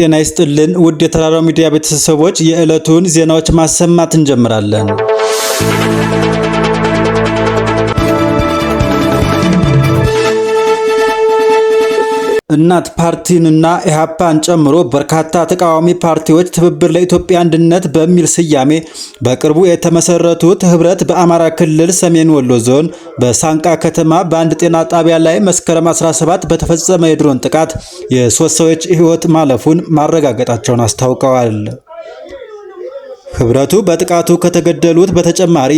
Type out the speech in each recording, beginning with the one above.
ጤና ይስጥልን ውድ የተራራው ሚዲያ ቤተሰቦች፣ የዕለቱን ዜናዎች ማሰማት እንጀምራለን። እናት ፓርቲንና ኢህአፓን ጨምሮ በርካታ ተቃዋሚ ፓርቲዎች ትብብር ለኢትዮጵያ አንድነት በሚል ስያሜ በቅርቡ የተመሰረቱት ህብረት በአማራ ክልል ሰሜን ወሎ ዞን በሳንቃ ከተማ በአንድ ጤና ጣቢያ ላይ መስከረም 17 በተፈጸመ የድሮን ጥቃት የሶስት ሰዎች ህይወት ማለፉን ማረጋገጣቸውን አስታውቀዋል። ህብረቱ በጥቃቱ ከተገደሉት በተጨማሪ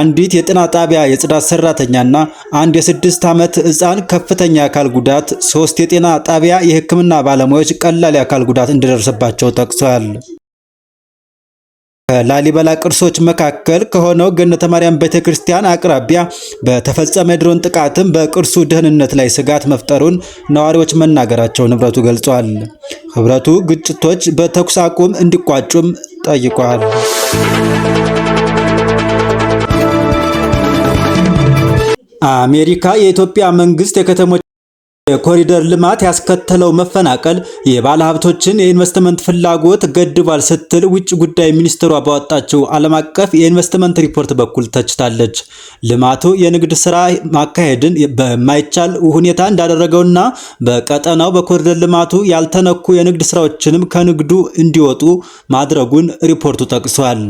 አንዲት የጤና ጣቢያ የጽዳት ሰራተኛና አንድ የስድስት ዓመት ህፃን ከፍተኛ የአካል ጉዳት፣ ሶስት የጤና ጣቢያ የህክምና ባለሙያዎች ቀላል የአካል ጉዳት እንደደረሰባቸው ጠቅሷል። ከላሊበላ ቅርሶች መካከል ከሆነው ገነተ ማርያም ቤተ ክርስቲያን አቅራቢያ በተፈጸመ ድሮን ጥቃትም በቅርሱ ደህንነት ላይ ስጋት መፍጠሩን ነዋሪዎች መናገራቸው ንብረቱ ገልጿል። ህብረቱ ግጭቶች በተኩስ አቁም እንዲቋጩም ጠይቋል። አሜሪካ የኢትዮጵያ መንግስት የከተሞች የኮሪደር ልማት ያስከተለው መፈናቀል የባለ ሀብቶችን የኢንቨስትመንት ፍላጎት ገድቧል ስትል ውጭ ጉዳይ ሚኒስትሯ ባወጣችው ዓለም አቀፍ የኢንቨስትመንት ሪፖርት በኩል ተችታለች። ልማቱ የንግድ ስራ ማካሄድን በማይቻል ሁኔታ እንዳደረገውና በቀጠናው በኮሪደር ልማቱ ያልተነኩ የንግድ ስራዎችንም ከንግዱ እንዲወጡ ማድረጉን ሪፖርቱ ጠቅሷል።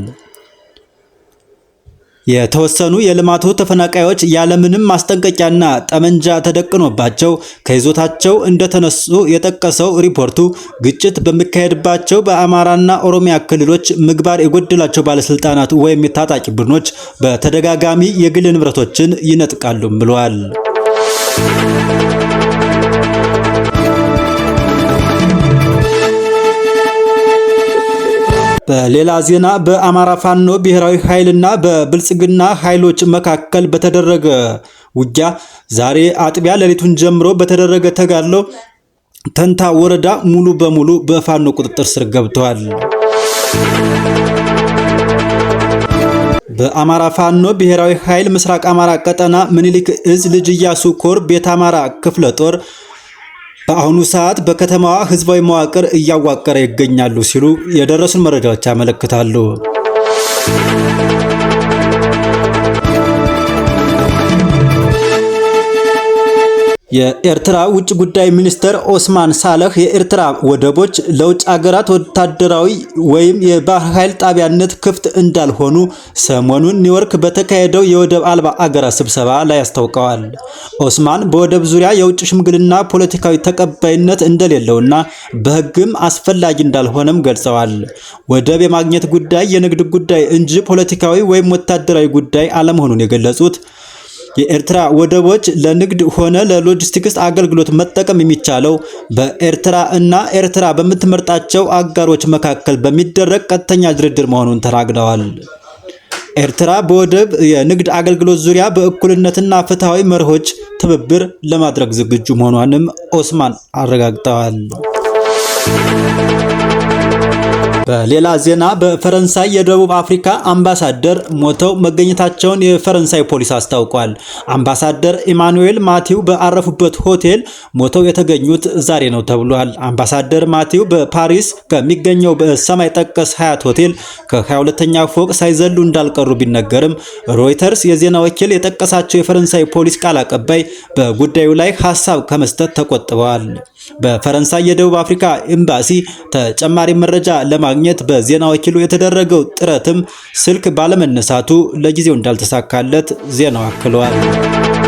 የተወሰኑ የልማቱ ተፈናቃዮች ያለምንም ማስጠንቀቂያና ጠመንጃ ተደቅኖባቸው ከይዞታቸው እንደተነሱ የጠቀሰው ሪፖርቱ ግጭት በሚካሄድባቸው በአማራና ኦሮሚያ ክልሎች ምግባር የጎደላቸው ባለስልጣናት ወይም የታጣቂ ቡድኖች በተደጋጋሚ የግል ንብረቶችን ይነጥቃሉም ብለዋል። በሌላ ዜና በአማራ ፋኖ ብሔራዊ ኃይልና በብልጽግና ኃይሎች መካከል በተደረገ ውጊያ ዛሬ አጥቢያ ሌሊቱን ጀምሮ በተደረገ ተጋድሎ ተንታ ወረዳ ሙሉ በሙሉ በፋኖ ቁጥጥር ስር ገብተዋል። በአማራ ፋኖ ብሔራዊ ኃይል ምስራቅ አማራ ቀጠና ምኒልክ እዝ ልጅ እያሱ ኮር ቤት አማራ ክፍለ ጦር በአሁኑ ሰዓት በከተማዋ ህዝባዊ መዋቅር እያዋቀረ ይገኛሉ ሲሉ የደረሱን መረጃዎች ያመለክታሉ። የኤርትራ ውጭ ጉዳይ ሚኒስትር ኦስማን ሳለህ የኤርትራ ወደቦች ለውጭ አገራት ወታደራዊ ወይም የባህር ኃይል ጣቢያነት ክፍት እንዳልሆኑ ሰሞኑን ኒውዮርክ በተካሄደው የወደብ አልባ አገራት ስብሰባ ላይ አስታውቀዋል። ኦስማን በወደብ ዙሪያ የውጭ ሽምግልና ፖለቲካዊ ተቀባይነት እንደሌለውና በሕግም አስፈላጊ እንዳልሆነም ገልጸዋል። ወደብ የማግኘት ጉዳይ የንግድ ጉዳይ እንጂ ፖለቲካዊ ወይም ወታደራዊ ጉዳይ አለመሆኑን የገለጹት የኤርትራ ወደቦች ለንግድ ሆነ ለሎጂስቲክስ አገልግሎት መጠቀም የሚቻለው በኤርትራ እና ኤርትራ በምትመርጣቸው አጋሮች መካከል በሚደረግ ቀጥተኛ ድርድር መሆኑን ተናግረዋል። ኤርትራ በወደብ የንግድ አገልግሎት ዙሪያ በእኩልነትና ፍትሐዊ መርሆች ትብብር ለማድረግ ዝግጁ መሆኗንም ኦስማን አረጋግጠዋል። በሌላ ዜና በፈረንሳይ የደቡብ አፍሪካ አምባሳደር ሞተው መገኘታቸውን የፈረንሳይ ፖሊስ አስታውቋል። አምባሳደር ኢማኑኤል ማቲው በአረፉበት ሆቴል ሞተው የተገኙት ዛሬ ነው ተብሏል። አምባሳደር ማቲው በፓሪስ ከሚገኘው በሰማይ ጠቀስ ሀያት ሆቴል ከ22ኛ ፎቅ ሳይዘሉ እንዳልቀሩ ቢነገርም ሮይተርስ የዜና ወኪል የጠቀሳቸው የፈረንሳይ ፖሊስ ቃል አቀባይ በጉዳዩ ላይ ሀሳብ ከመስጠት ተቆጥበዋል። በፈረንሳይ የደቡብ አፍሪካ ኤምባሲ ተጨማሪ መረጃ ለማግኘት በዜና ወኪሉ የተደረገው ጥረትም ስልክ ባለመነሳቱ ለጊዜው እንዳልተሳካለት ዜናው አክሏል።